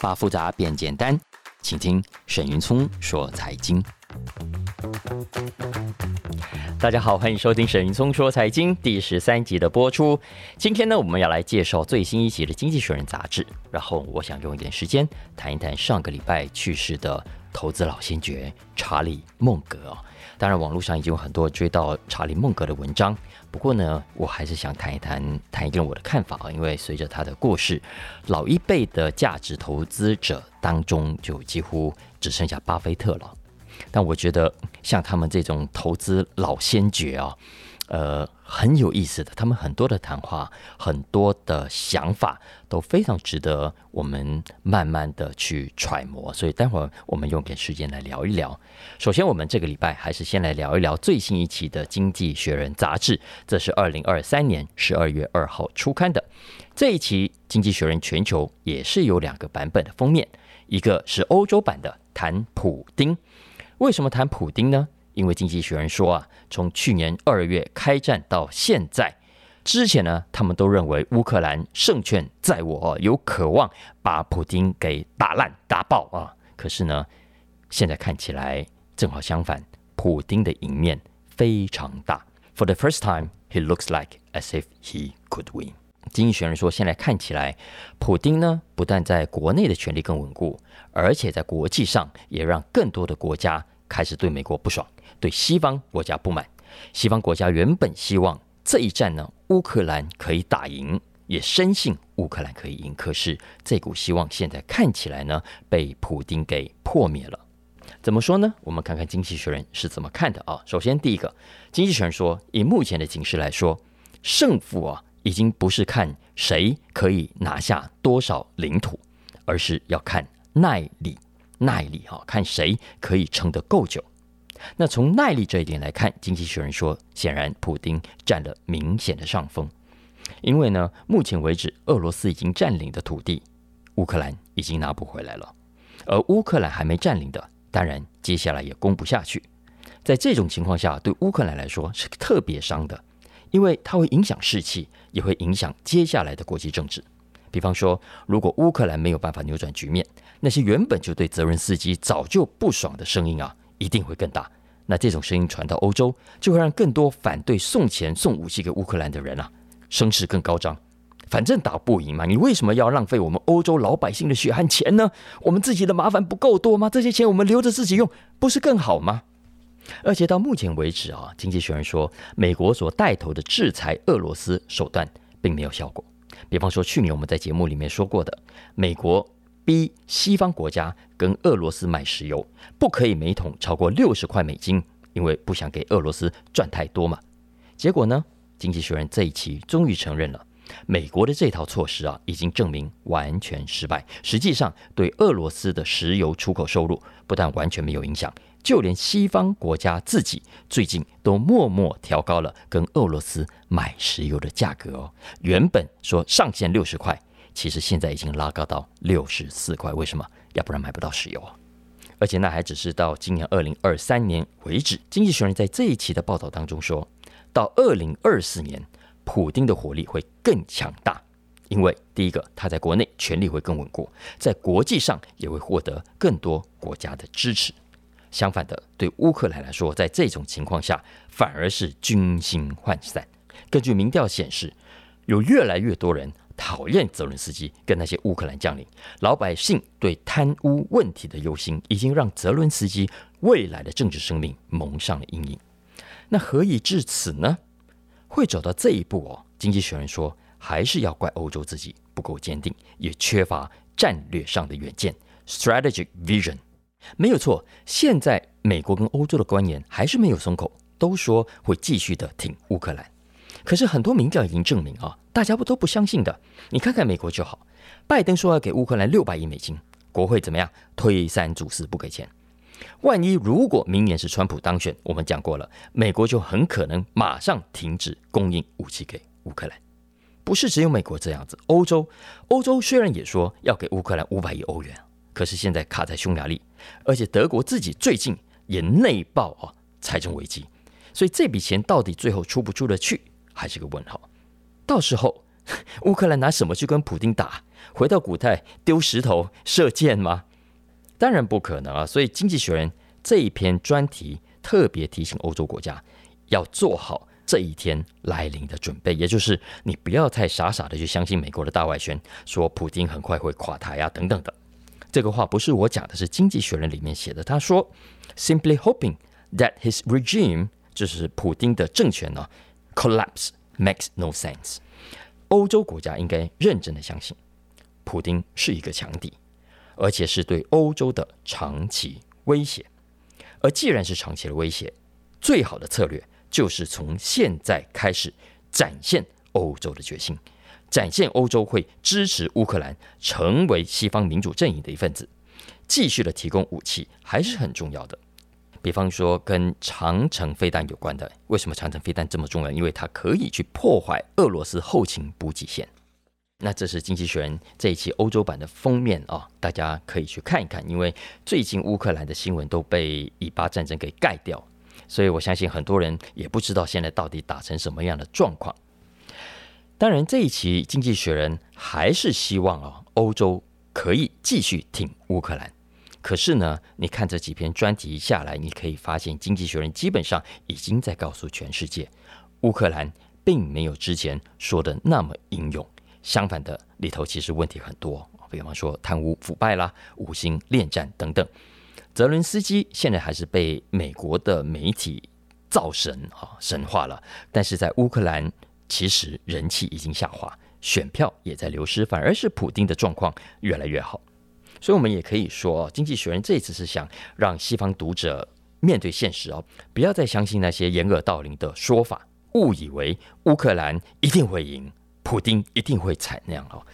把複雜變簡單，請聽沈雲聰說財經。大家好，歡迎收聽沈雲聰說財經第十三集的播出。今天呢，我們要來介紹最新一集的《經濟學人》雜誌。然後，我想用一點時間談一談上個禮拜去世的投資老先覺查理·孟格啊，當然網絡上已經有很多追到查理·孟格的文章，不過呢，我還是想談一談，談一談我的看法啊。因為隨着他的過世，老一輩的價值投資者當中就幾乎只剩下巴菲特了。但我覺得像他們這種投資老先覺啊，呃。很有意思的，他們很多的談話，很多的想法都非常值得我們慢慢的去揣摩。所以，待會兒我們用點時間來聊一聊。首先，我們這個禮拜還是先來聊一聊最新一期的《經濟學人》雜誌，這是二零二三年十二月二號出刊的。這一期《經濟學人》全球也是有兩個版本的封面，一個是歐洲版的談普丁，為什麼談普丁呢？因為經濟學人說啊，從去年二月開戰到現在之前呢，他們，都認為烏克蘭勝券在握，有渴望把普丁給打爛打爆啊。可是呢，現在看起來正好相反，普丁的贏面非常大。For the first time, he looks like as if he could win。經濟學人說，現在看起來，普丁呢，不但在國內的權力更穩固，而且在國際上也讓更多的國家。開始對美國不爽，對西方國家不滿。西方國家原本希望這一戰呢，烏克蘭可以打贏，也深信烏克蘭可以贏。可是這股希望現在看起來呢，被普丁給破滅了。怎麼說呢？我們看看經濟學人是怎麼看的啊。首先，第一個，經濟學人說，以目前的形勢來說，勝負啊，已經不是看誰可以拿下多少領土，而是要看耐力。耐力哈，看誰可以撐得夠久。那從耐力這一點來看，經濟學人說，顯然普丁佔了明顯的上風，因為呢，目前為止，俄羅斯已經佔領的土地，烏克蘭已經拿不回來了，而烏克蘭還沒佔領的，當然接下來也攻不下去。在這種情況下，對烏克蘭來說是特別傷的，因為它會影響士氣，也會影響接下來的國際政治。比方說，如果烏克蘭沒有辦法扭轉局面，那些原本就對澤連斯基早就不爽的聲音啊，一定會更大。那這種聲音傳到歐洲，就會讓更多反對送錢送武器給烏克蘭的人啊，聲勢更高漲。反正打不贏嘛，你為什麼要浪費我們歐洲老百姓的血汗錢呢？我們自己的麻煩不夠多嗎？這些錢我們留着自己用，不是更好嗎？而且到目前為止啊，經濟學人說，美國所帶頭的制裁俄羅斯手段並沒有效果。比方說，去年我們在節目裡面說過的，美國逼西方國家跟俄羅斯買石油，不可以每桶超過六十塊美金，因為不想給俄羅斯賺太多嘛。結果呢，經濟學人這一期終於承認了，美國的這套措施啊，已經證明完全失敗。實際上，對俄羅斯的石油出口收入不但完全沒有影響。就連西方國家自己最近都默默調高了跟俄羅斯買石油的價格哦。原本說上限六十塊，其實現在已經拉高到六十四塊。為什麼？要不然買不到石油啊、哦！而且那還只是到今年二零二三年為止。《經濟學人》在這一期的報道當中說，到二零二四年，普丁的火力會更強大，因為第一個他在國內權力會更穩固，在國際上也會獲得更多國家的支持。相反的，對烏克蘭來說，在這種情況下，反而是軍心渙散。根據民調顯示，有越來越多人討厭澤倫斯基跟那些烏克蘭將領。老百姓對貪污問題的憂心，已經讓澤倫斯基未來的政治生命蒙上了陰影。那何以至此呢？會走到這一步哦？經濟學人說，還是要怪歐洲自己不夠堅定，也缺乏戰略上的遠見 （strategic vision）。沒有錯，現在美國跟歐洲的官員還是沒有鬆口，都說會繼續的挺烏克蘭。可是很多民調已經證明啊，大家不都不相信的。你看看美國就好，拜登說要給烏克蘭六百億美金，國會怎麼樣？推三阻四不給錢。萬一如果明年是川普當選，我們講過了，美國就很可能馬上停止供應武器給烏克蘭。不是只有美國這樣子，歐洲歐洲雖然也說要給烏克蘭五百億歐元。可是現在卡在匈牙利，而且德國自己最近也內爆啊，財政危機，所以這筆錢到底最後出不出得去，還是個問號。到時候烏克蘭拿什麼去跟普丁打？回到古代丟石頭射箭嗎？當然不可能啊！所以《經濟學人》這一篇專題特別提醒歐洲國家要做好這一天來臨的準備，也就是你不要太傻傻的去相信美國的大外宣，說普丁很快會垮台啊，等等的。這個話不是我講的，是《經濟學人》裡面寫的。他說：“Simply hoping that his regime，就是普丁的政權呢，collapse makes no sense。”歐洲國家應該認真的相信，普丁是一個強敵，而且是對歐洲的長期威脅。而既然是長期的威脅，最好的策略就是從現在開始展現歐洲的決心。展現歐洲會支持烏克蘭成為西方民主陣營的一份子，繼續的提供武器還是很重要的。比方說跟長程飛彈有關的，為什麼長程飛彈這麼重要？因為它可以去破壞俄羅斯後勤補給線。那這是經濟學人這一期歐洲版的封面啊、哦，大家可以去看一看。因為最近烏克蘭的新聞都被以巴戰爭給蓋掉，所以我相信很多人也不知道現在到底打成什麼樣的狀況。當然，這一期《經濟學人》還是希望啊，歐洲可以繼續挺烏克蘭。可是呢，你看這幾篇專題下來，你可以發現，《經濟學人》基本上已經在告訴全世界，烏克蘭並沒有之前說的那麼英勇。相反的，裡頭其實問題很多，比方說貪污腐敗啦、無心戀戰等等。澤倫斯基現在還是被美國的媒體造神啊，神化了。但是在烏克蘭。其實人氣已經下滑，選票也在流失，反而是普丁的狀況越來越好。所以我們也可以說，經濟學人這一次是想讓西方讀者面對現實哦，不要再相信那些掩耳盜鈴的說法，誤以為烏克蘭一定會贏，普丁一定會慘那樣哦。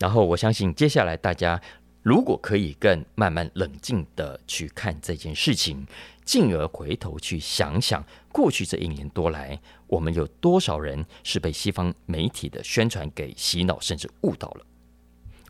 然後我相信接下來大家。如果可以更慢慢冷靜的去看這件事情，進而回頭去想想，過去這一年多來，我們有多少人是被西方媒體的宣傳給洗腦，甚至誤導了。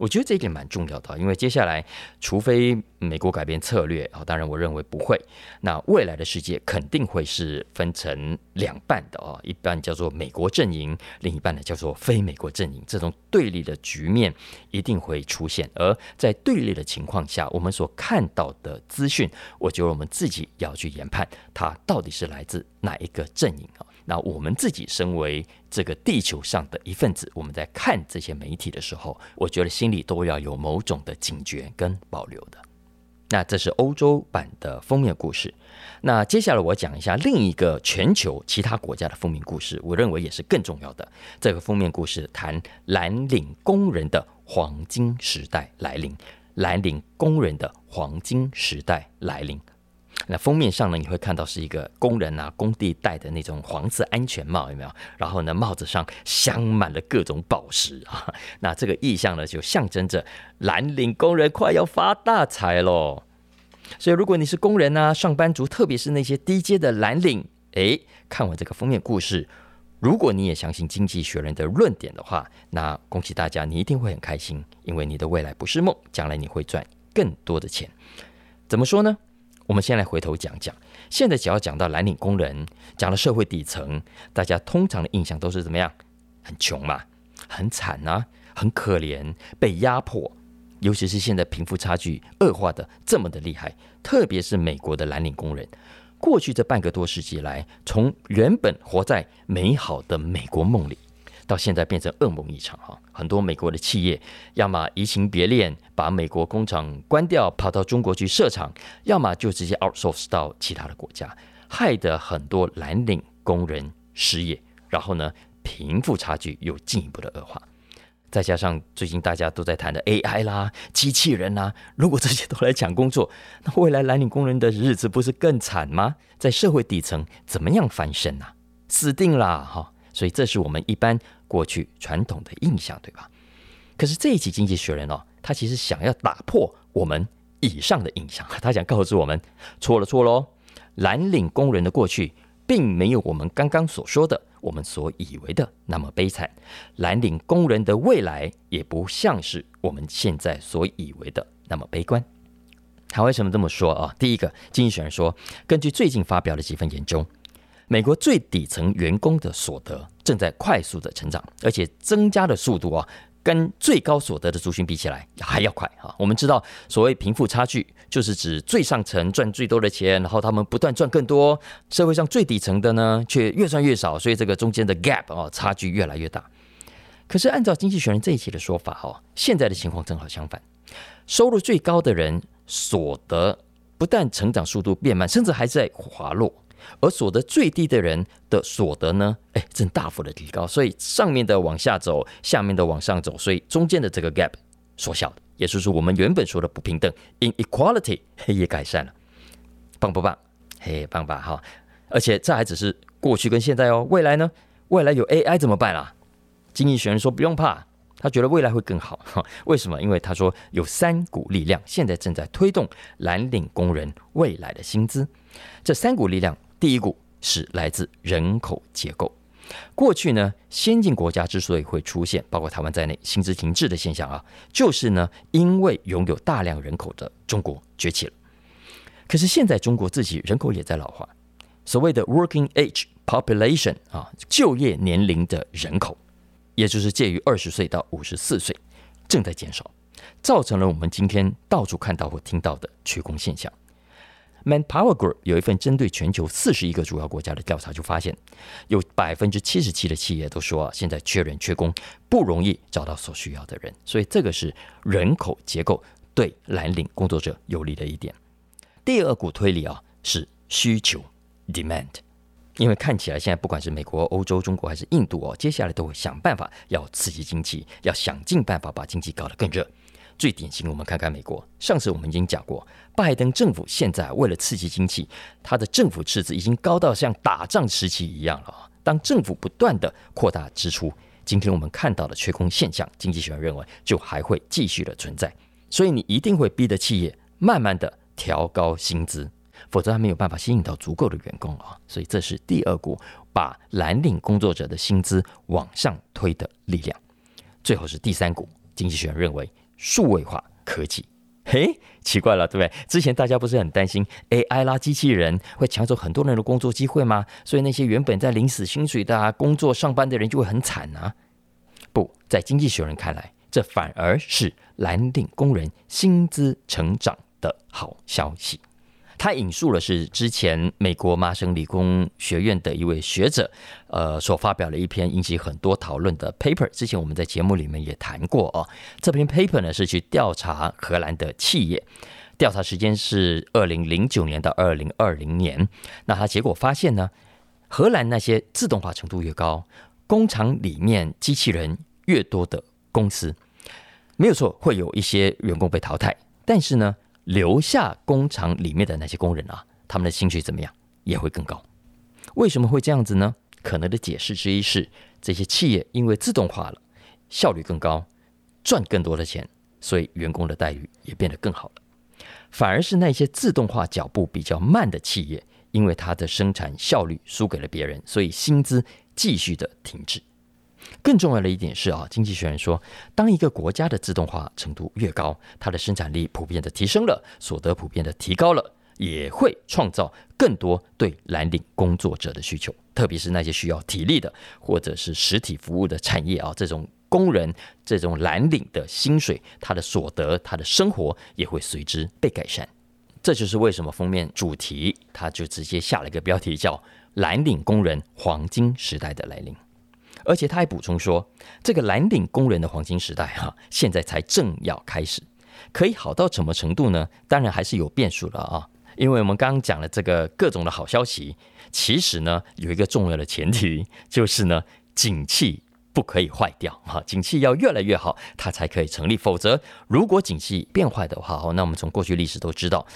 我覺得這一點蠻重要的，因為接下來，除非美國改變策略啊，當然我認為不會。那未來的世界肯定會是分成兩半的啊，一半叫做美國陣營，另一半呢叫做非美國陣營。這種對立的局面一定會出現，而在對立的情況下，我們所看到的資訊，我覺得我們自己要去研判它到底是來自哪一個陣營啊。那我們自己身為這個地球上的一份子，我們在看這些媒體的時候，我覺得心裡都要有某種的警覺跟保留的。那這是歐洲版的封面故事。那接下來我講一下另一個全球其他國家的封面故事，我認為也是更重要的。這個封面故事談藍領工人的黃金時代來臨。藍領工人的黃金時代來臨。那封面上呢，你會看到是一個工人啊，工地戴的那種黃色安全帽，有沒有？然後呢，帽子上鑲滿了各種寶石啊。那這個意象呢，就象徵着藍領工人快要發大財嘍。所以，如果你是工人啊，上班族，特別是那些低階的藍領，誒，看完這個封面故事，如果你也相信《經濟學人》的論點的話，那恭喜大家，你一定會很開心，因為你的未來不是夢，將來你會賺更多的錢。怎麼說呢？我們先來回頭講講，現在只要講到藍領工人，講到社會底層，大家通常的印象都是怎麼樣？很窮嘛，很慘啊，很可憐，被壓迫。尤其是現在貧富差距惡化的這麼的厲害，特別是美國的藍領工人，過去這半個多世紀來，從原本活在美好的美國夢裡。到現在變成噩夢一場哈，很多美國的企業要麼移情別戀，把美國工廠關掉，跑到中國去設廠，要麼就直接 outsource 到其他的國家，害得很多藍領工人失業，然後呢，貧富差距又進一步的惡化。再加上最近大家都在談的 AI 啦、機器人啦、啊，如果這些都來搶工作，那未來藍領工人的日子不是更慘嗎？在社會底層怎麼樣翻身吶、啊？死定了哈！所以這是我們一般。過去傳統的印象，對吧？可是這一期《經濟學人》哦，他其實想要打破我們以上的印象，他想告訴我們錯了，錯了，錯了哦。藍領工人的過去，並沒有我們剛剛所說的，我們所以為的那麼悲慘；藍領工人的未來，也不像是我們現在所以為的那麼悲觀。他為什麼這麼說啊？第一個，《經濟學人》說，根據最近發表的幾份研究。美國最底層員工的所得正在快速的成長，而且增加的速度啊，跟最高所得的族群比起來還要快哈。我們知道，所謂貧富差距，就是指最上層賺最多的錢，然後他們不斷賺更多，社會上最底層的呢，卻越賺越少，所以這個中間的 gap 哦，差距越來越大。可是，按照經濟學人這一期的說法哈，現在的情況正好相反，收入最高的人所得不但成長速度變慢，甚至還在滑落。而所得最低的人的所得呢？誒，正大幅的提高，所以上面的往下走，下面的往上走，所以中間的這個 gap 縮小的，也就是我們原本說的不平等 （inequality） 也改善了，棒不棒？嘿，棒吧！哈！而且這還只是過去跟現在哦，未來呢？未來有 AI 怎麼辦啦、啊？經濟學人說不用怕，他覺得未來會更好。哈，為什麼？因為他說有三股力量現在正在推動藍領工人未來的薪資，這三股力量。第一股是來自人口結構。過去呢，先進國家之所以會出現包括台灣在內薪資停滯的現象啊，就是呢因為擁有大量人口的中國崛起了。可是現在中國自己人口也在老化，所謂的 working age population 啊，就業年齡的人口，也就是介於二十歲到五十四歲，正在減少，造成了我們今天到處看到或聽到的缺工現象。Manpower Group 有一份針對全球四十一個主要國家的調查，就發現有百分之七十七的企業都說現在缺人缺工，不容易找到所需要的人。所以這個是人口結構對藍領工作者有利的一點。第二股推力啊，是需求 （demand），因為看起來現在不管是美國、歐洲、中國還是印度哦，接下來都會想辦法要刺激經濟，要想盡辦法把經濟搞得更熱。最典型，我們看看美國。上次我們已經講過，拜登政府現在為了刺激經濟，他的政府赤字已經高到像打仗時期一樣了啊！當政府不斷地擴大支出，今天我們看到的缺工現象，經濟學家認為就還會繼續的存在。所以你一定會逼得企業慢慢地調高薪資，否則他沒有辦法吸引到足夠的員工啊！所以這是第二股把藍領工作者的薪資往上推的力量。最後是第三股，經濟學家認為。數位化科技，嘿，奇怪了，對不對？之前大家不是很擔心 AI 啦、機器人會搶走很多人的工作機會嗎？所以那些原本在領死薪水的、啊、的工作上班的人就會很慘啊！不，在經濟學人看來，這反而是藍領工人薪資成長的好消息。他引述了是之前美國麻省理工學院的一位學者，呃，所發表了一篇引起很多討論的 paper。之前我們在節目裡面也談過哦，這篇 paper 呢是去調查荷蘭的企業，調查時間是二零零九年到二零二零年。那他結果發現呢，荷蘭那些自動化程度越高，工廠裡面機器人越多的公司，沒有錯，會有一些員工被淘汰，但是呢。留下工廠裡面的那些工人啊，他們的薪水怎麼樣？也會更高。為什麼會這樣子呢？可能的解釋之一是，這些企業因為自動化了，效率更高，賺更多的錢，所以員工的待遇也變得更好了。反而是那些自動化腳步比較慢的企業，因為它的生產效率輸給了別人，所以薪資繼續的停滯。更重要的一點是啊，經濟學人說，當一個國家的自動化程度越高，它的生產力普遍的提升了，所得普遍的提高了，也會創造更多對藍領工作者的需求，特別是那些需要體力的或者是實體服務的產業啊，這種工人這種藍領的薪水，他的所得，他的生活也會隨之被改善。這就是為什麼封面主題他就直接下了一個標題叫“藍領工人黃金時代的來臨”。而且他還補充說，這個藍領工人的黃金時代哈、啊，現在才正要開始，可以好到什麼程度呢？當然還是有變數了啊！因為我們剛剛講了這個各種的好消息，其實呢，有一個重要的前提，就是呢景氣不可以壞掉哈，景氣要越來越好，它才可以成立。否則，如果景氣變壞的話，那我們從過去歷史都知道，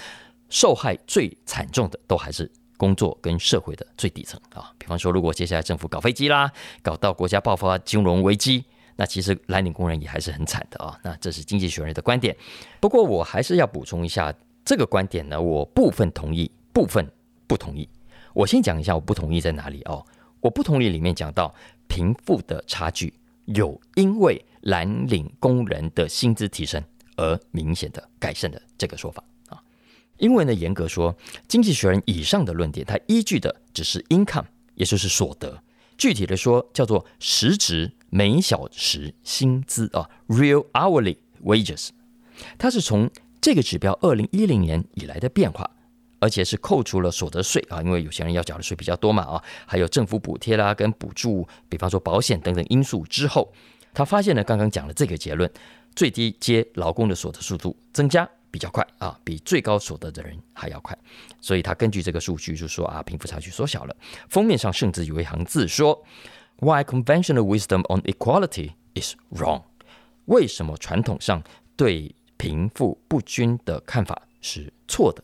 受害最慘重的都還是工作跟社會的最底層啊、哦，比方說，如果接下來政府搞飛機啦，搞到國家爆發金融危機，那其實藍領工人也還是很慘的啊、哦。那這是經濟學人的觀點。不過我還是要補充一下這個觀點呢，我部分同意，部分不同意。我先講一下我不同意在哪裡哦。我不同意裡面講到貧富的差距有因為藍領工人的薪資提升而明顯的改善的這個說法。英文呢，嚴格說，經濟學人以上的論點，它依據的只是 income，也就是所得。具體的說，叫做實質每小時薪資啊，real hourly wages。它是從這個指標二零一零年以來的變化，而且是扣除了所得稅啊，因為有些人要繳的稅比較多嘛啊，還有政府補貼啦跟補助，比方說保險等等因素之後，他發現呢，剛剛講的這個結論，最低階勞工的所得速度增加。比較快啊，比最高所得的人還要快，所以他根據這個數據就說啊，貧富差距縮小了。封面上甚至有一行字說，Why conventional wisdom on equality is wrong？為什麼傳統上對貧富不均的看法是錯的？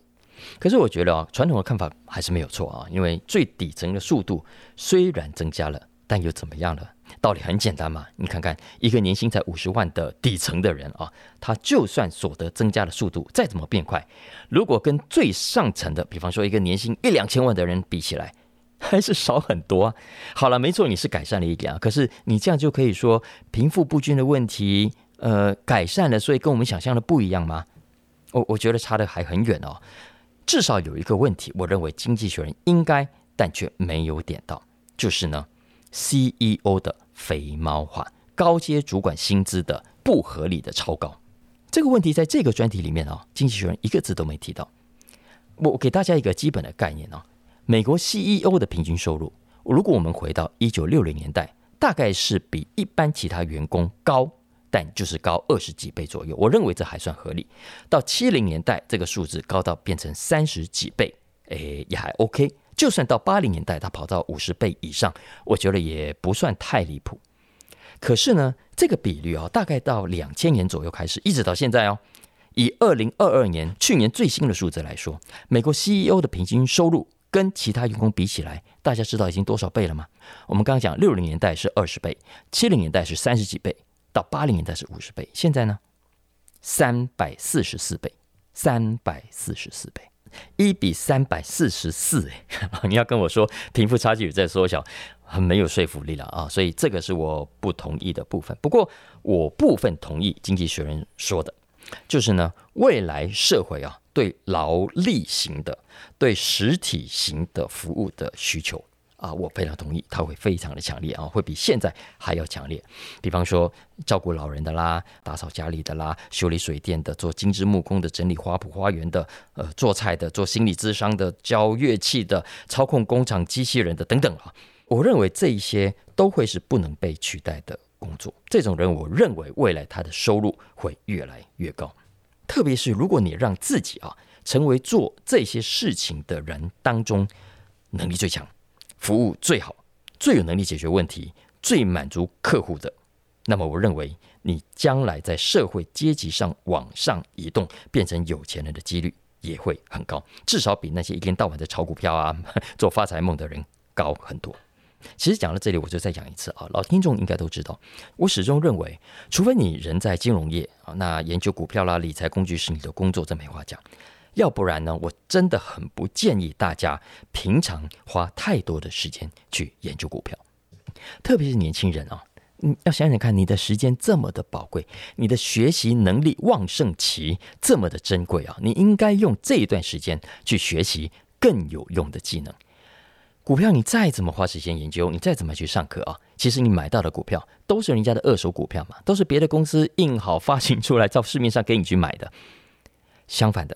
可是我覺得啊，傳統的看法還是沒有錯啊，因為最底層的速度雖然增加了，但又怎麼樣了？道理很簡單嘛，你看看一個年薪才五十萬的底層的人啊、哦，他就算所得增加的速度再怎麼變快，如果跟最上層的，比方說一個年薪一兩千萬的人比起來，還是少很多啊。好了，沒錯，你是改善了一點啊，可是你這樣就可以說貧富不均的問題，呃，改善了，所以跟我們想象的不一樣嗎？我我覺得差得還很遠哦。至少有一個問題，我認為《經濟學人》應該，但卻沒有點到，就是呢。CEO 的肥貓化，高階主管薪資的不合理的超高，這個問題在這個專題裡面啊，經濟學人一個字都沒提到。我給大家一個基本的概念啊，美國 CEO 的平均收入，如果我們回到一九六零年代，大概是比一般其他員工高，但就是高二十幾倍左右，我認為這還算合理。到七零年代，這個數字高到變成三十幾倍，誒，也還 OK。就算到八零年代，它跑到五十倍以上，我覺得也不算太離譜。可是呢，這個比率啊、哦，大概到兩千年左右開始，一直到現在哦。以二零二二年去年最新的數字來說，美國 CEO 的平均收入跟其他員工比起來，大家知道已經多少倍了嗎？我們剛剛講六零年代是二十倍，七零年代是三十幾倍，到八零年代是五十倍，現在呢，三百四十四倍，三百四十四倍。一比三百四十四，哎，你要跟我說貧富差距在縮小，很沒有說服力了啊，所以這個是我不同意的部分。不過我部分同意《經濟學人》說的，就是呢，未來社會啊，對勞力型的、對實體型的服務的需求。啊，我非常同意，他會非常的強烈啊，會比現在還要強烈。比方說照顧老人的啦、打掃家裡的啦、修理水電的、做精緻木工的、整理花圃花園的，呃，做菜的、做心理諮商的、教樂器的、操控工廠機器人的等等啊。我認為這一些都會是不能被取代的工作。這種人，我認為未來他的收入會越來越高。特別是如果你讓自己啊成為做這些事情的人當中能力最強，服務最好，最有能力解決問題，最滿足客戶的，那麼我認為你將來在社會階級上往上移動，變成有錢人的幾率也會很高，至少比那些一天到晚在炒股票啊、做發財夢的人高很多。其實講到這裡，我就再講一次啊，老聽眾應該都知道，我始終認為，除非你人在金融業啊，那研究股票啦、理財工具是你的工作，這沒話講。要不然呢？我真的很不建議大家平常花太多的時間去研究股票，特別是年輕人啊、哦！你要想想看，你的時間這麼的寶貴，你的學習能力旺盛期這麼的珍貴啊！你應該用這一段時間去學習更有用的技能。股票你再怎麼花時間研究，你再怎麼去上課啊，其實你買到的股票都是人家的二手股票嘛，都是別的公司印好發行出來到市面上給你去買的。相反的。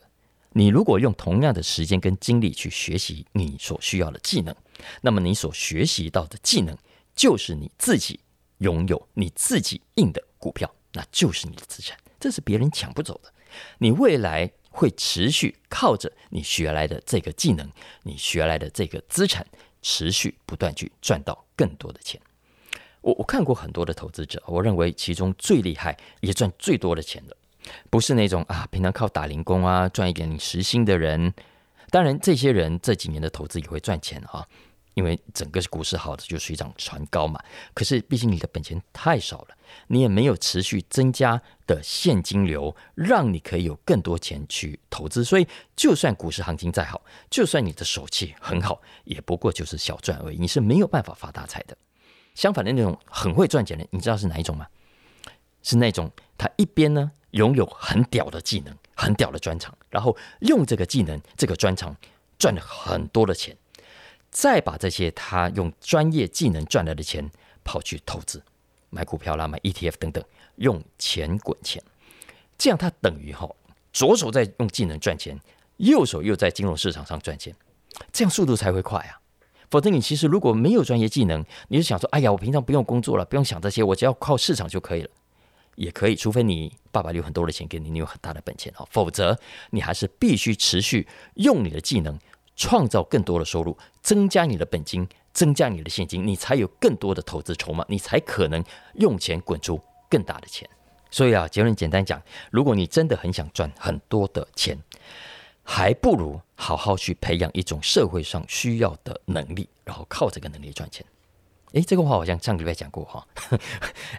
你如果用同樣的時間跟精力去學習你所需要的技能，那麼你所學習到的技能就是你自己擁有，你自己印的股票，那就是你的資產，這是別人搶不走的。你未來會持續靠着你學來的這個技能，你學來的這個資產，持續不斷去賺到更多的錢。我我看過很多的投資者，我認為其中最厲害也賺最多的錢的，不是那種啊，平常靠打零工啊賺一點零時薪的人。當然，這些人這幾年的投資也會賺錢啊，哦，因為整個股市好的就水漲船高嘛。可是，畢竟你的本錢太少了，你也沒有持續增加的現金流，讓你可以有更多錢去投資。所以，就算股市行情再好，就算你的手氣很好，也不過就是小賺而已。你是沒有辦法發大財的。相反的那種很會賺錢的，你知道是哪一種嗎？是那種他一邊呢。擁有很屌的技能，很屌的專長，然後用這個技能、這個專長賺了很多的錢，再把這些他用專業技能賺來的錢跑去投資，買股票啦、買 ETF 等等，用錢滾錢。這樣他等於齁，左手在用技能賺錢，右手又在金融市場上賺錢，這樣速度才會快啊。否則，你其實如果沒有專業技能，你就想說：哎呀，我平常不用工作了，不用想這些，我只要靠市場就可以了。也可以，除非你爸爸留很多的錢給你，你有很大的本錢哦，否則你還是必須持續用你的技能創造更多的收入，增加你的本金，增加你的現金，你才有更多的投資籌碼，你才可能用錢滾出更大的錢。所以啊，結論簡單講，如果你真的很想賺很多的錢，還不如好好去培養一種社會上需要的能力，然後靠這個能力賺錢。誒，這個話好像上個禮拜講過哈。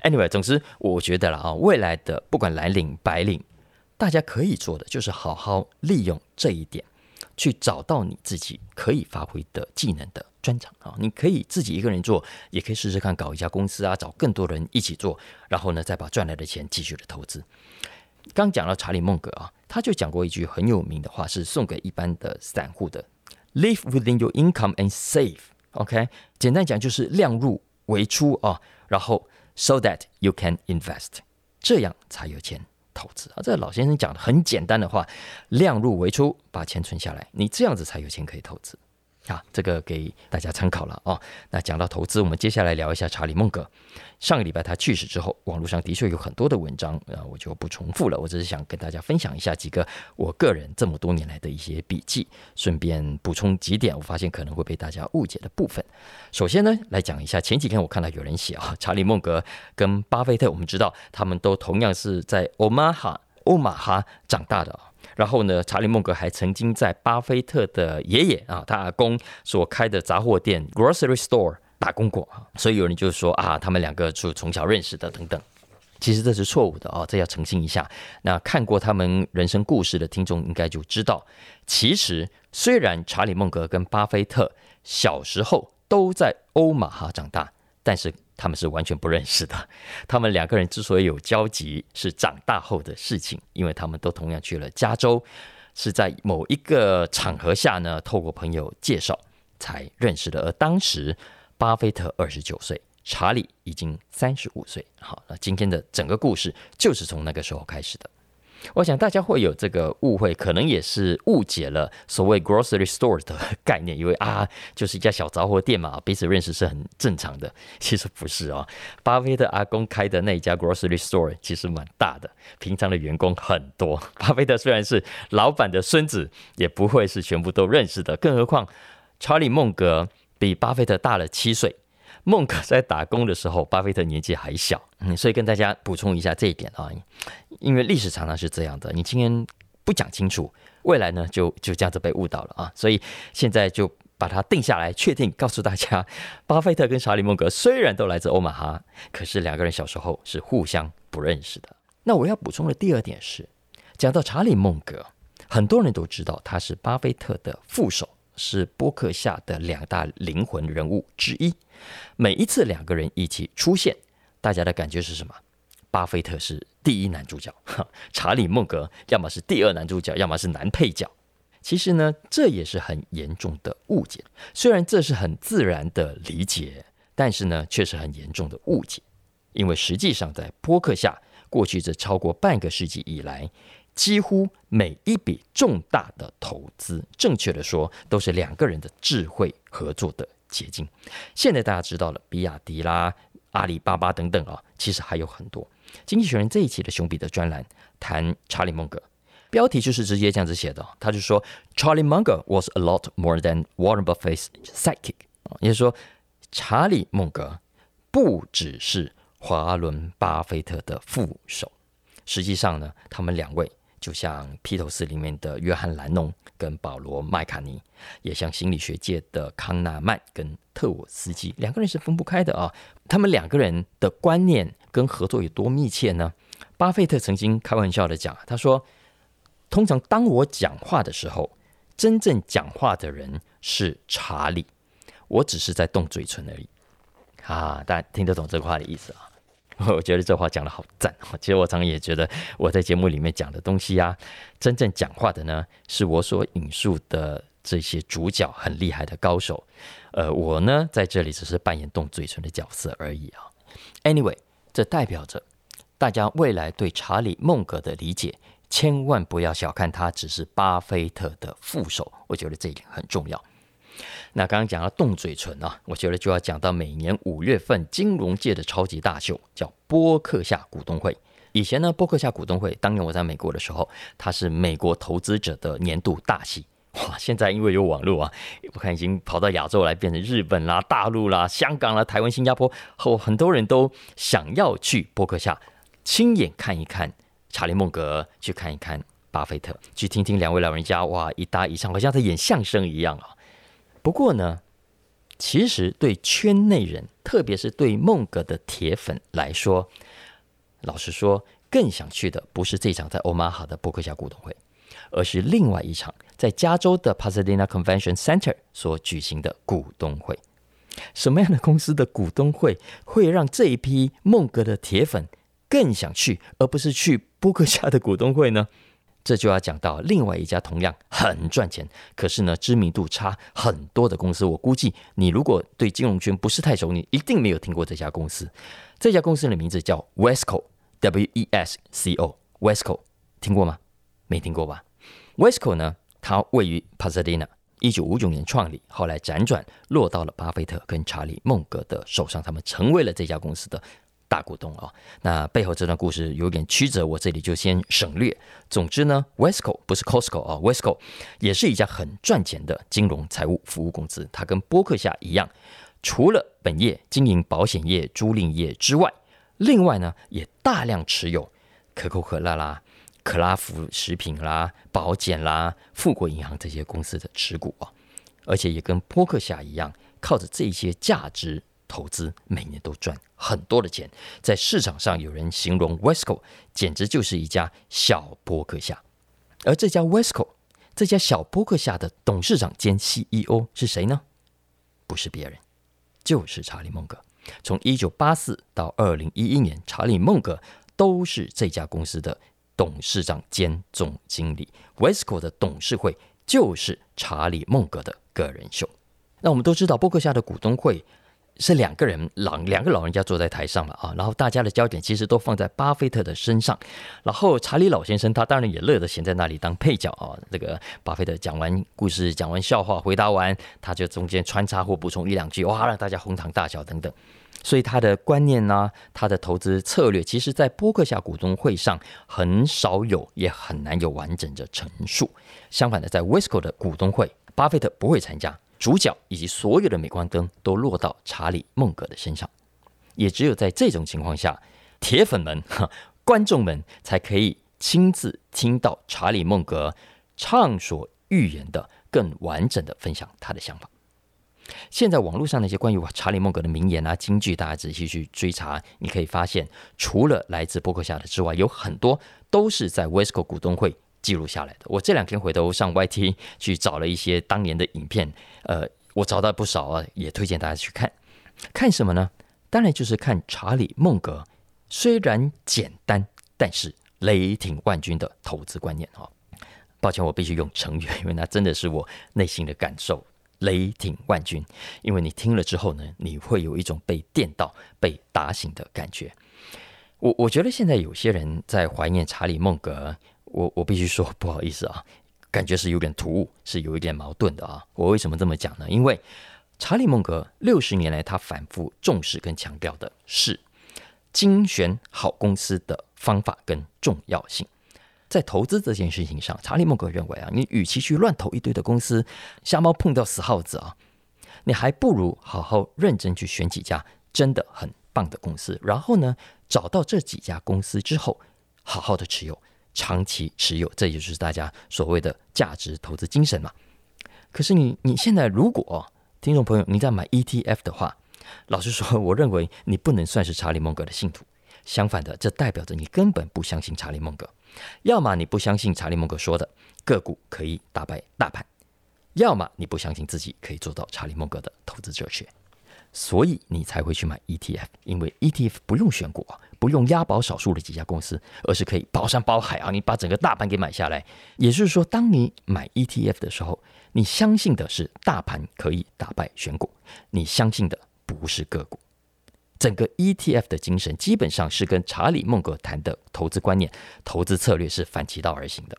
Anyway，總之我覺得了。啊，未來的不管藍領白領，大家可以做的就是好好利用這一點，去找到你自己可以發揮的技能的專長啊。你可以自己一個人做，也可以試試看搞一家公司啊，找更多人一起做，然後呢，再把賺來的錢繼續的投資。剛講到查理·孟格啊，他就講過一句很有名的話，是送給一般的散戶的：“Live within your income and save。” OK，簡單講就是量入為出啊、哦，然後 so that you can invest，這樣才有錢投資啊。這個、老先生講的很簡單的話，量入為出，把錢存下來，你這樣子才有錢可以投資。啊，這個給大家參考了啊、哦。那講到投資，我們接下來聊一下查理·孟格。上個禮拜他去世之後，網絡上的確有很多的文章啊，我就不重複了。我只是想跟大家分享一下幾個我個人這麼多年來的一些筆記，順便補充幾點，我發現可能會被大家誤解的部分。首先呢，來講一下前幾天我看到有人寫啊、哦，查理·孟格跟巴菲特，我們知道他們都同樣是在歐馬哈、歐馬哈長大的、哦。然後呢，查理·孟格還曾經在巴菲特的爺爺啊，他阿公所開的雜貨店 （grocery store） 打工過。所以有人就說啊，他們兩個是從小認識的等等。其實這是錯誤的啊、哦，這要澄清一下。那看過他們人生故事的聽眾應該就知道，其實雖然查理·孟格跟巴菲特小時候都在歐馬哈長大，但是。他們是完全不認識的。他們兩個人之所以有交集，是長大後的事情，因為他們都同樣去了加州，是在某一個場合下呢，透過朋友介紹才認識的。而當時，巴菲特二十九歲，查理已經三十五歲。好，那今天的整個故事就是從那個時候開始的。我想大家會有這個誤會，可能也是誤解了所謂 grocery store 的概念，因為啊，就是一家小雜貨店嘛，彼此認識是很正常的。其實不是哦，巴菲特阿公開的那一家 grocery store 其實蠻大的，平常的員工很多。巴菲特雖然是老闆的孫子，也不會是全部都認識的，更何況查理·孟格比巴菲特大了七歲。孟格在打工的時候，巴菲特年紀還小，嗯，所以跟大家補充一下這一點啊，因為歷史常常是這樣的，你今天不講清楚，未來呢就就這樣子被誤導了啊，所以現在就把它定下來，確定告訴大家，巴菲特跟查理·孟格雖然都來自歐馬哈，可是兩個人小時候是互相不認識的。那我要補充的第二點是，講到查理·孟格，很多人都知道他是巴菲特的副手。是波克夏的兩大靈魂人物之一。每一次兩個人一起出現，大家的感覺是什麼？巴菲特是第一男主角，哈，查理·孟格要麼是第二男主角，要麼是男配角。其實呢，這也是很嚴重的誤解。雖然這是很自然的理解，但是呢，卻是很嚴重的誤解。因為實際上在波克，在波克夏，過去這超過半個世紀以來。幾乎每一筆重大的投資，正確的說，都是兩個人的智慧合作的結晶。現在大家知道了，比亞迪啦、阿里巴巴等等啊，其實還有很多。《經濟學人》這一期的熊彼德的專欄談查理·孟格，標題就是直接這樣子寫的。他就說：“Charlie Munger was a lot more than Warren Buffett's sidekick。”也就是說，查理·孟格不只是華倫·巴菲特的副手，實際上呢，他們兩位。就像披頭士裡面的約翰·蘭儂跟保羅·麥卡尼，也像心理學界的康納曼跟特沃斯基，兩個人是分不開的啊、哦。他們兩個人的觀念跟合作有多密切呢？巴菲特曾經開玩笑的講，他說：“通常當我講話的時候，真正講話的人是查理，我只是在動嘴唇而已。”啊，大家聽得懂這個話的意思啊？我覺得這話講得好讚。其實我常常也覺得，我在節目裡面講的東西啊，真正講話的呢，是我所引述的這些主角很厲害的高手。呃，我呢在這裡只是扮演動嘴唇的角色而已啊。Anyway，這代表着大家未來對查理·孟格的理解，千萬不要小看他只是巴菲特的副手。我覺得這一點很重要。那剛剛講到動嘴唇啊，我覺得就要講到每年五月份金融界的超級大秀，叫波克夏股東會。以前呢，波克夏股東會，當年我在美國的時候，它是美國投資者的年度大戲。哇，現在因為有網絡啊，我看已經跑到亞洲來，變成日本啦、啊、大陸啦、啊、香港啦、啊、台灣、新加坡，後、哦、很多人都想要去波克夏，親眼看一看查理·孟格，去看一看巴菲特，去聽聽兩位老人家，哇，一搭一唱，好像在演相聲一樣啊。不過呢，其實對圈內人，特別是對孟格的鐵粉來說，老實說，更想去的不是這場在 Omaha 的波克夏股東會，而是另外一場在加州的 Pasadena Convention Center 所舉行的股東會。什麼樣的公司的股東會會讓這一批孟格的鐵粉更想去，而不是去波克夏的股東會呢？這就要講到另外一家同樣很賺錢，可是呢，知名度差很多的公司。我估計你如果對金融圈不是太熟，你一定沒有聽過這家公司。這家公司的名字叫 Wesco，W-E-S-C-O，Wesco，-E、聽過嗎？沒聽過吧？Wesco 呢，它位於 Pasadena，一九五九年創立，後來輾轉落到了巴菲特跟查理·孟格的手上，他們成為了這家公司的。大股東啊、哦，那背後這段故事有點曲折，我這裡就先省略。總之呢，Wesco 不是 Costco 啊、哦、Wesco 也是一家很賺錢的金融財務服務公司。它跟波克夏一樣，除了本業經營保險業、租賃業之外，另外呢也大量持有可口可樂啦、克拉夫食品啦、保險啦、富國銀行這些公司的持股啊、哦，而且也跟波克夏一樣，靠着這些價值。投資每年都賺很多的錢，在市場上有人形容 Wesco 簡直就是一家小波克夏，而這家 Wesco 這家小波克夏的董事長兼 CEO 是誰呢？不是別人，就是查理·孟格。從一九八四到二零一一年，查理·孟格都是這家公司的董事長兼總經理。Wesco 的董事會就是查理·孟格的個人秀。那我們都知道波克夏的股東會。是兩個人，老兩個老人家坐在台上了啊，然後大家的焦點其實都放在巴菲特的身上，然後查理老先生他當然也樂得閒在那裡當配角啊。這個巴菲特講完故事，講完笑話，回答完，他就中間穿插或補充一兩句，哇，讓大家哄堂大笑等等。所以他的觀念呢、啊，他的投資策略，其實在波克夏股東會上很少有，也很難有完整的陳述。相反的，在威斯科的股東會，巴菲特不會參加。主角以及所有的鎂光燈都落到查理·孟格的身上，也只有在這種情況下，鐵粉們、觀眾們才可以親自聽到查理·孟格暢所欲言的、更完整的分享他的想法。現在網絡上那些關於查理·孟格的名言啊、金句，大家仔細去追查，你可以發現，除了來自波克夏的之外，有很多都是在 Wesco 股東會，記錄下來的。我這兩天回頭上 YT 去找了一些當年的影片，呃，我找到不少啊，也推薦大家去看。看什麼呢？當然就是看查理·孟格，雖然簡單，但是雷霆萬鈞的投資觀念哈，抱歉，我必須用成語，因為那真的是我內心的感受，雷霆萬鈞。因為你聽了之後呢，你會有一種被電到、被打醒的感覺。我我覺得現在有些人在懷念查理·孟格。我我必須說，不好意思啊，感覺是有點突兀，是有一點矛盾的啊。我為什麼這麼講呢？因為查理·孟格六十年來，他反覆重視跟強調的是精選好公司的方法跟重要性。在投資這件事情上，查理·孟格認為啊，你與其去亂投一堆的公司，瞎貓碰到死耗子啊，你還不如好好認真去選幾家真的很棒的公司，然後呢，找到這幾家公司之後，好好的持有。長期持有，這也就是大家所謂的價值投資精神嘛。可是你你現在如果聽眾朋友你在買 ETF 的話，老實說，我認為你不能算是查理·孟格的信徒。相反的，這代表着你根本不相信查理·孟格，要麼你不相信查理·孟格說的個股可以打敗大盤，要麼你不相信自己可以做到查理·孟格的投資哲學。所以你才會去買 ETF，因為 ETF 不用選股啊，不用押寶少數的幾家公司，而是可以包山包海啊！你把整個大盤給買下來。也就是說，當你買 ETF 的時候，你相信的是大盤可以打敗選股，你相信的不是個股。整個 ETF 的精神基本上是跟查理·孟格談的投資觀念、投資策略是反其道而行的。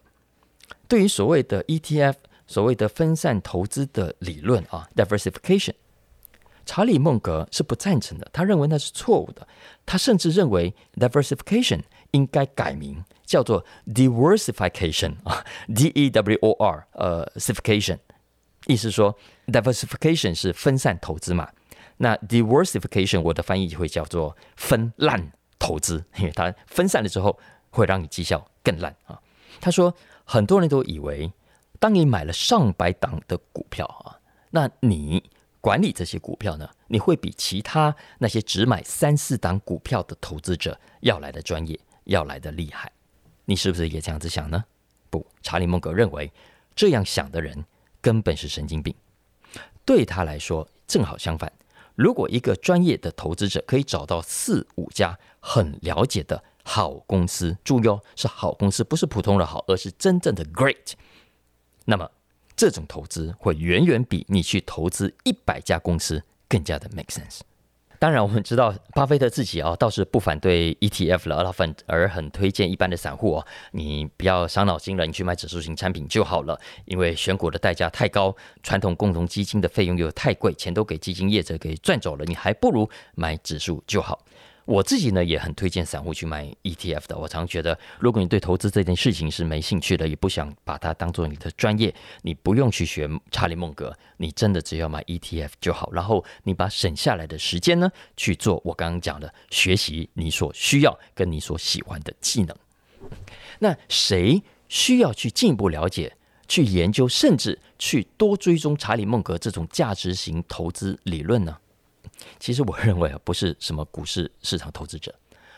對於所謂的 ETF，所謂的分散投資的理論啊，diversification。查理·孟格是不贊成的，他認為那是錯誤的。他甚至認為 “diversification” 應該改名叫做 “deworsification” 啊，D-E-W-O-R 呃、uh，sification，意思說 “diversification” 是分散投資嘛。那 “diversification”，我的翻譯會叫做“分爛投資”，因為它分散了之後會讓你績效更爛啊。他說，很多人都以為，當你買了上百檔的股票啊，那你，管理這些股票呢？你會比其他那些只買三四檔股票的投資者要來的專業，要來的厲害。你是不是也這樣子想呢？不，查理·孟格認為這樣想的人根本是神經病。對他來說，正好相反。如果一個專業的投資者可以找到四五家很了解的好公司，注意哦，是好公司，不是普通的好，而是真正的 great，那麼。這種投資會遠遠比你去投資一百家公司更加的 make sense。當然，我們知道巴菲特自己啊、哦、倒是不反對 ETF 了，而很推薦一般的散戶哦，你不要傷腦筋了，你去買指數型產品就好了。因為選股的代價太高，傳統共同基金的費用又太貴，錢都給基金業者給賺走了，你還不如買指數就好。我自己呢也很推薦散戶去買 ETF 的。我常覺得，如果你對投資這件事情是沒興趣的，也不想把它當做你的專業，你不用去學查理·孟格，你真的只要買 ETF 就好。然後你把省下來的時間呢，去做我剛剛講的學習你所需要跟你所喜歡的技能。那誰需要去進一步了解、去研究，甚至去多追蹤查理·孟格這種價值型投資理論呢？其實我認為啊，不是什麼股市市場投資者，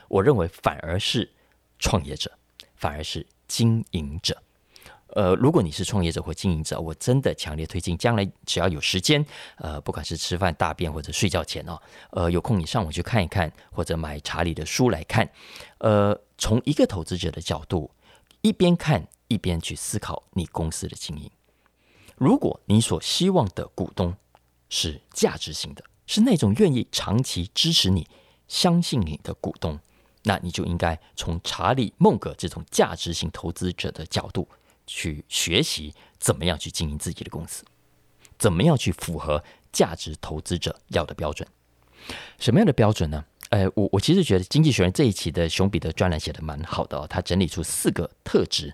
我認為反而是創業者，反而是經營者。呃，如果你是創業者或經營者，我真的強烈推薦，將來只要有時間，呃，不管是吃飯、大便或者睡覺前哦，呃，有空你上網去看一看，或者買查理的書來看。呃，從一個投資者的角度，一邊看一邊去思考你公司的經營。如果你所希望的股東是價值型的。是那種願意長期支持你、相信你的股東，那你就應該從查理·孟格這種價值型投資者的角度去學習，怎麼樣去經營自己的公司，怎麼樣去符合價值投資者要的標準。什麼樣的標準呢？呃，我我其實覺得《經濟學人》這一期的熊彼得專欄寫得蠻好的哦，他整理出四個特質。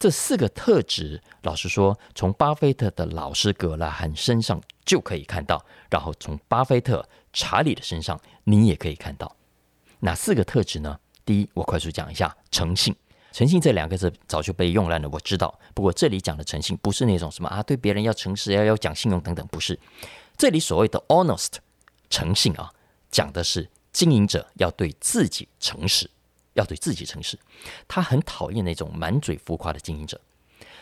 這四個特質，老實說，從巴菲特的老師葛拉漢身上就可以看到，然後從巴菲特、查理的身上，你也可以看到哪四個特質呢？第一，我快速講一下誠信。誠信這兩個字早就被用爛了，我知道。不過這裡講的誠信不是那種什麼啊，對別人要誠實，要要講信用等等，不是。這裡所謂的 honest 誠信啊，講的是經營者要對自己誠實。要對自己誠實，他很討厭那種滿嘴浮誇的經營者。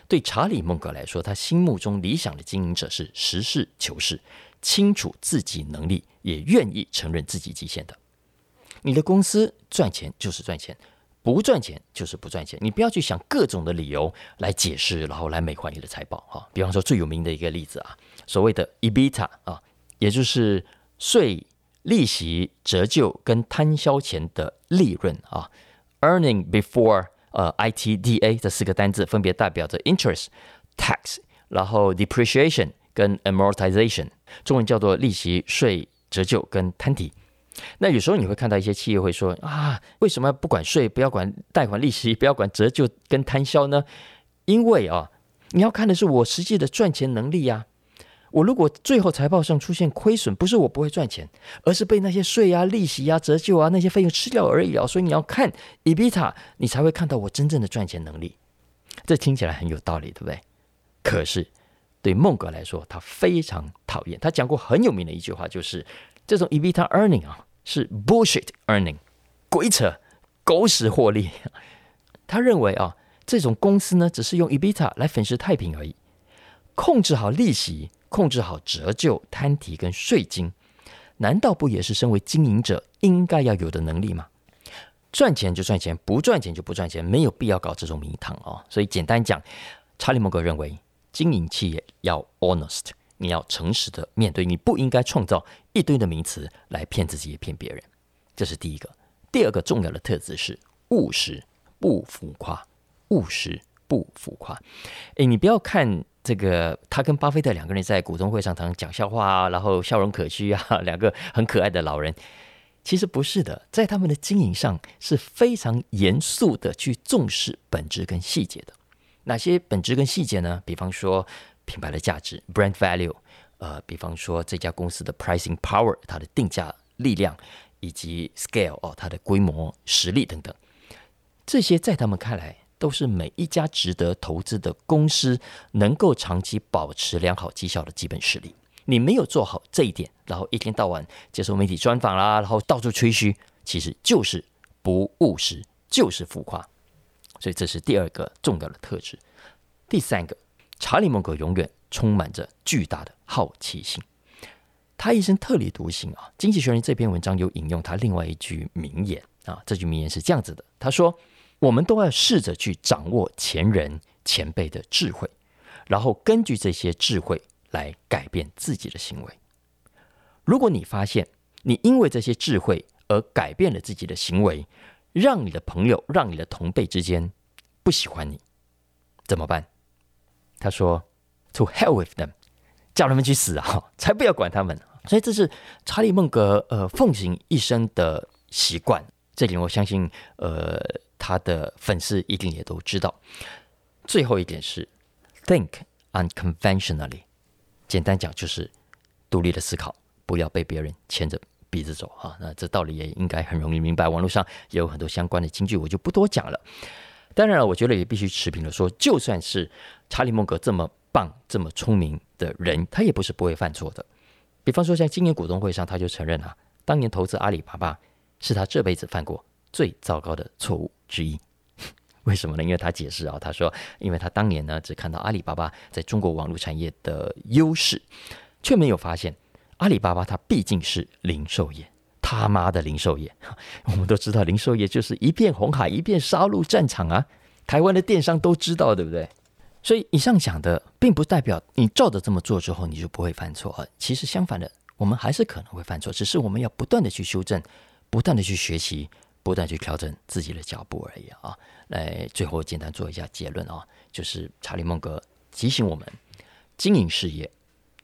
對查理·孟格來說，他心目中理想的經營者是實事求是、清楚自己能力，也願意承認自己極限的。你的公司賺錢就是賺錢，不賺錢就是不賺錢。你不要去想各種的理由來解釋，然後來美化你的財報。哈、哦，比方說最有名的一個例子啊，所謂的 EBITDA 啊，也就是稅。利息、折舊跟攤銷前的利潤啊，earning before 呃 ITDA 這四個單字分別代表着 interest tax，然後 depreciation 跟 amortization，中文叫做利息稅折舊跟攤提。那有時候你會看到一些企業會說啊，為什麼不管稅，不要管貸款利息，不要管折舊跟攤銷呢？因為啊，你要看的是我實際的賺錢能力呀、啊。我如果最後財報上出現虧損，不是我不會賺錢，而是被那些稅啊、利息啊、折舊啊那些費用吃掉而已啊。所以你要看 EBITDA，你才會看到我真正的賺錢能力。這聽起來很有道理，對不對？可是對孟格來說，他非常討厭。他講過很有名的一句話，就是這種 EBITDA earning 啊，是 bullshit earning，鬼扯狗屎獲利。他認為啊，這種公司呢，只是用 EBITDA 來粉飾太平而已，控制好利息。控制好折舊攤提跟稅金，難道不也是身為經營者應該要有的能力嗎？賺錢就賺錢，不賺錢就不賺錢，沒有必要搞這種名堂哦。所以簡單講，查理孟格認為，經營企業要 honest，你要誠實的面對，你不應該創造一堆的名詞來騙自己騙別人。這是第一個。第二個重要的特質是務實不浮誇，務實不浮誇。誒，你不要看。這個他跟巴菲特兩個人在股東會上常講笑話啊，然後笑容可掬啊，兩個很可愛的老人。其實不是的，在他們的經營上是非常嚴肅的去重視本質跟細節的。哪些本質跟細節呢？比方說品牌的價值 （brand value），呃，比方說這家公司的 pricing power，它的定價力量，以及 scale，哦，它的規模實力等等。這些在他們看來。都是每一家值得投資的公司能夠長期保持良好績效的基本實力。你沒有做好這一點，然後一天到晚接受媒體專訪啦，然後到處吹噓，其實就是不務實，就是浮誇。所以這是第二個重要的特質。第三個，查理·芒格永遠充滿着巨大的好奇心。他一生特立獨行啊。《經濟學人》這篇文章有引用他另外一句名言啊，這句名言是這樣子的，他說。我們都要試着去掌握前人前輩的智慧，然後根據這些智慧來改變自己的行為。如果你發現你因為這些智慧而改變了自己的行為，讓你的朋友、讓你的同輩之間不喜歡你，怎麼辦？他說：“To hell with them，叫他們去死啊！才不要管他們。”所以這是查理·孟格呃奉行一生的習慣。這點我相信呃。他的粉絲一定也都知道。最後一點是，think unconventionally，簡單講就是獨立的思考，不要被別人牽着鼻子走啊。那這道理也應該很容易明白。網絡上也有很多相關的金句，我就不多講了。當然了，我覺得也必須持平的說，就算是查理·孟格這麼棒、這麼聰明的人，他也不是不會犯錯的。比方說，像今年股東會上，他就承認哈、啊，當年投資阿里巴巴是他這輩子犯過最糟糕的錯誤之一，為什麼呢？因為他解釋啊，他說，因為他當年呢，只看到阿里巴巴在中國網絡產業的優勢，卻沒有發現阿里巴巴它畢竟是零售業，他媽的零售業。我們都知道，零售業就是一片紅海，一片殺戮戰場啊！台灣的電商都知道，對不對？所以，以上講的，並不代表你照着這麼做之後，你就不會犯錯啊。其實相反的，我們還是可能會犯錯，只是我們要不斷的去修正，不斷的去學習。不斷去調整自己的腳步而已啊！來，最後簡單做一下結論啊，就是查理孟格提醒我們，經營事業、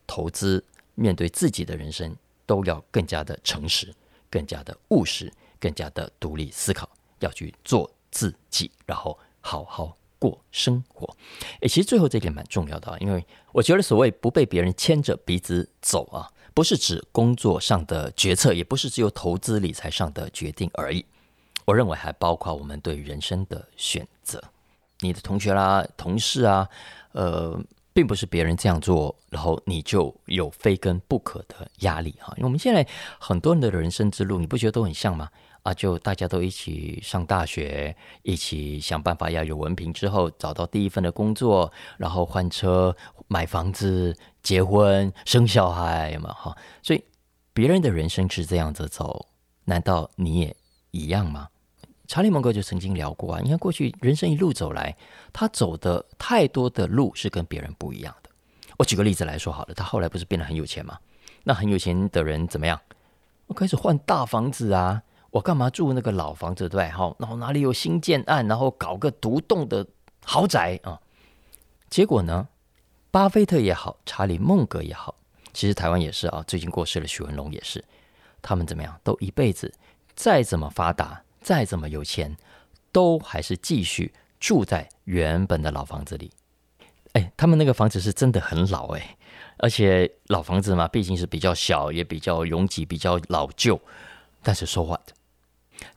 投資，面對自己的人生，都要更加的誠實、更加的務實、更加的獨立思考，要去做自己，然後好好過生活。誒、欸，其實最後這點蠻重要的啊，因為我覺得所謂不被別人牽着鼻子走啊，不是指工作上的決策，也不是只有投資理財上的決定而已。我認為還包括我們對人生的選擇，你的同學啦、啊、同事啊，呃，並不是別人這樣做，然後你就有非跟不可的壓力哈。因為我們現在很多人的人生之路，你不覺得都很像嗎？啊，就大家都一起上大學，一起想辦法要有文憑之後找到第一份的工作，然後換車、買房子、結婚、生小孩嘛哈。所以別人的人生是這樣子走，難道你也一樣嗎？查理·孟格就曾經聊過啊，你看過去人生一路走來，他走的太多的路是跟別人不一樣的。我舉個例子來說好了，他後來不是變得很有錢嗎？那很有錢的人怎麼樣？我開始換大房子啊，我幹嘛住那個老房子對吧？好，然後哪裡有新建案，然後搞個獨棟的豪宅啊。結果呢，巴菲特也好，查理·孟格也好，其實台灣也是啊。最近過世的許文龍也是，他們怎麼樣？都一輩子再怎麼發達。再怎麼有錢，都還是繼續住在原本的老房子裡。哎，他們那個房子是真的很老哎，而且老房子嘛，畢竟是比較小，也比較擁擠，比較老舊。但是說、so、話，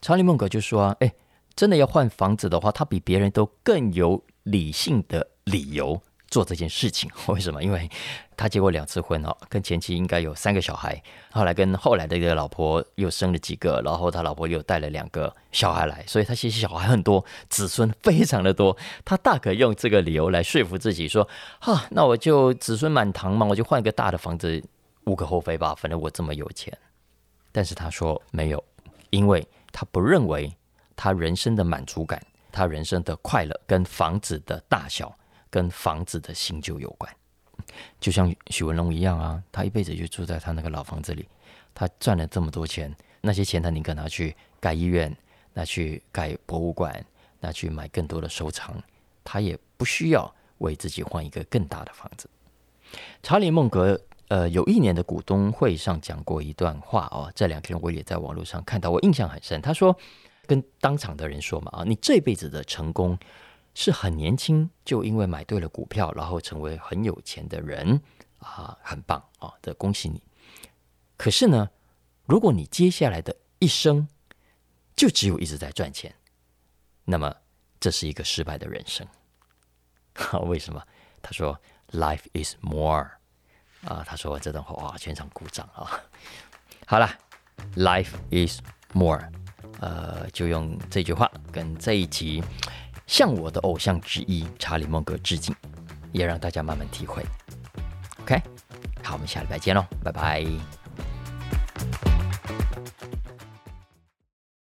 查理孟格就說：“哎，真的要換房子的話，他比別人都更有理性的理由。”做這件事情，為什麼？因為他結過兩次婚哦，跟前妻應該有三個小孩，後來跟後來的一個老婆又生了幾個，然後他老婆又帶了兩個小孩來，所以他其實小孩很多，子孫非常的多。他大可用這個理由來說服自己說：哈，那我就子孫滿堂嘛，我就換一個大的房子，無可厚非吧，反正我這麼有錢。但是他說沒有，因為他不認為他人生的滿足感、他人生的快樂跟房子的大小跟房子的新舊有關，就像許文龍一樣啊，他一輩子就住在他那個老房子裡，他賺了這麼多錢，那些錢他寧可拿去蓋醫院，拿去蓋博物館，拿去買更多的收藏，他也不需要為自己換一個更大的房子。查理·孟格，呃，有一年的股東會上講過一段話哦，這兩天我也在網絡上看到，我印象很深。他說，跟當場的人說嘛啊，你這輩子的成功。是很年輕就因為買對了股票，然後成為很有錢的人啊，很棒啊！的、哦、恭喜你。可是呢，如果你接下來的一生就只有一直在賺錢，那麼這是一個失敗的人生。啊、為什麼？他說 “Life is more”。啊，他說完這段話，哇、哦，全場鼓掌啊、哦！好啦，“Life is more”。呃，就用這句話跟這一集。向我的偶像之一查理·孟格致敬，也讓大家慢慢體會。OK，好，我們下禮拜見嘍，拜拜。